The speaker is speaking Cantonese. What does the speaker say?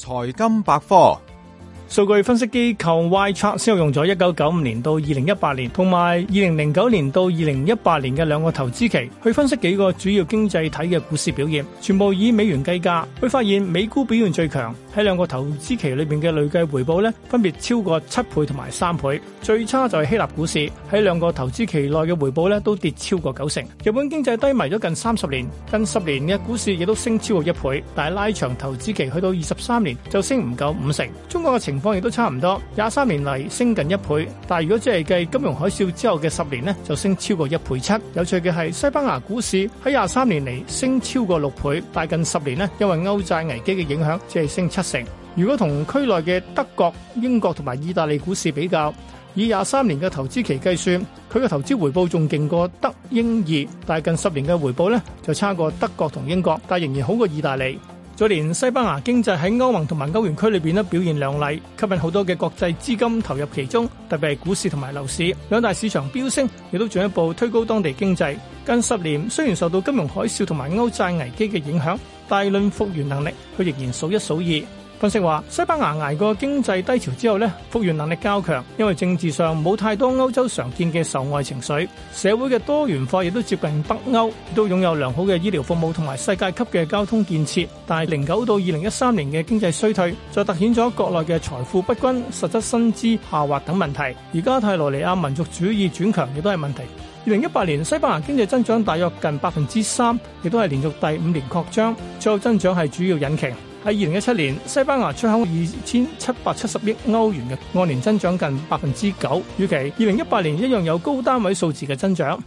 財金百科。數據分析機構 YChart 用咗一九九五年到二零一八年，同埋二零零九年到二零一八年嘅兩個投資期去分析幾個主要經濟體嘅股市表現，全部以美元計價。會發現美股表現最強，喺兩個投資期裏邊嘅累計回報呢，分別超過七倍同埋三倍。最差就係希臘股市，喺兩個投資期內嘅回報呢，都跌超過九成。日本經濟低迷咗近三十年，近十年嘅股市亦都升超過一倍，但係拉長投資期去到二十三年就升唔夠五成。中國嘅情況方亦都差唔多，廿三年嚟升近一倍，但如果只係計金融海嘯之後嘅十年呢，就升超過一倍七。有趣嘅係，西班牙股市喺廿三年嚟升超過六倍，但近十年呢，因為歐債危機嘅影響，只係升七成。如果同區內嘅德國、英國同埋意大利股市比較，以廿三年嘅投資期計算，佢嘅投資回報仲勁過德英義，但係近十年嘅回報呢，就差過德國同英國，但仍然好過意大利。去年西班牙經濟喺歐盟同埋歐元區裏邊都表現亮麗，吸引好多嘅國際資金投入其中，特別係股市同埋樓市兩大市場飆升，亦都進一步推高當地經濟。近十年雖然受到金融海嘯同埋歐債危機嘅影響，大論復原能力，佢仍然數一數二。分析話，西班牙挨過經濟低潮之後咧，復原能力較強，因為政治上冇太多歐洲常見嘅仇外情緒，社會嘅多元化亦都接近北歐，亦都擁有良好嘅醫療服務同埋世界級嘅交通建設。但係零九到二零一三年嘅經濟衰退，就突顯咗國內嘅財富不均、實質薪資下滑等問題。而加泰羅尼亞民族主義轉強亦都係問題。二零一八年西班牙經濟增長大約近百分之三，亦都係連續第五年擴張，最後增長係主要引擎。喺二零一七年，西班牙出口二千七百七十億歐元嘅，按年增長近百分之九。預期二零一八年一樣有高單位數字嘅增長。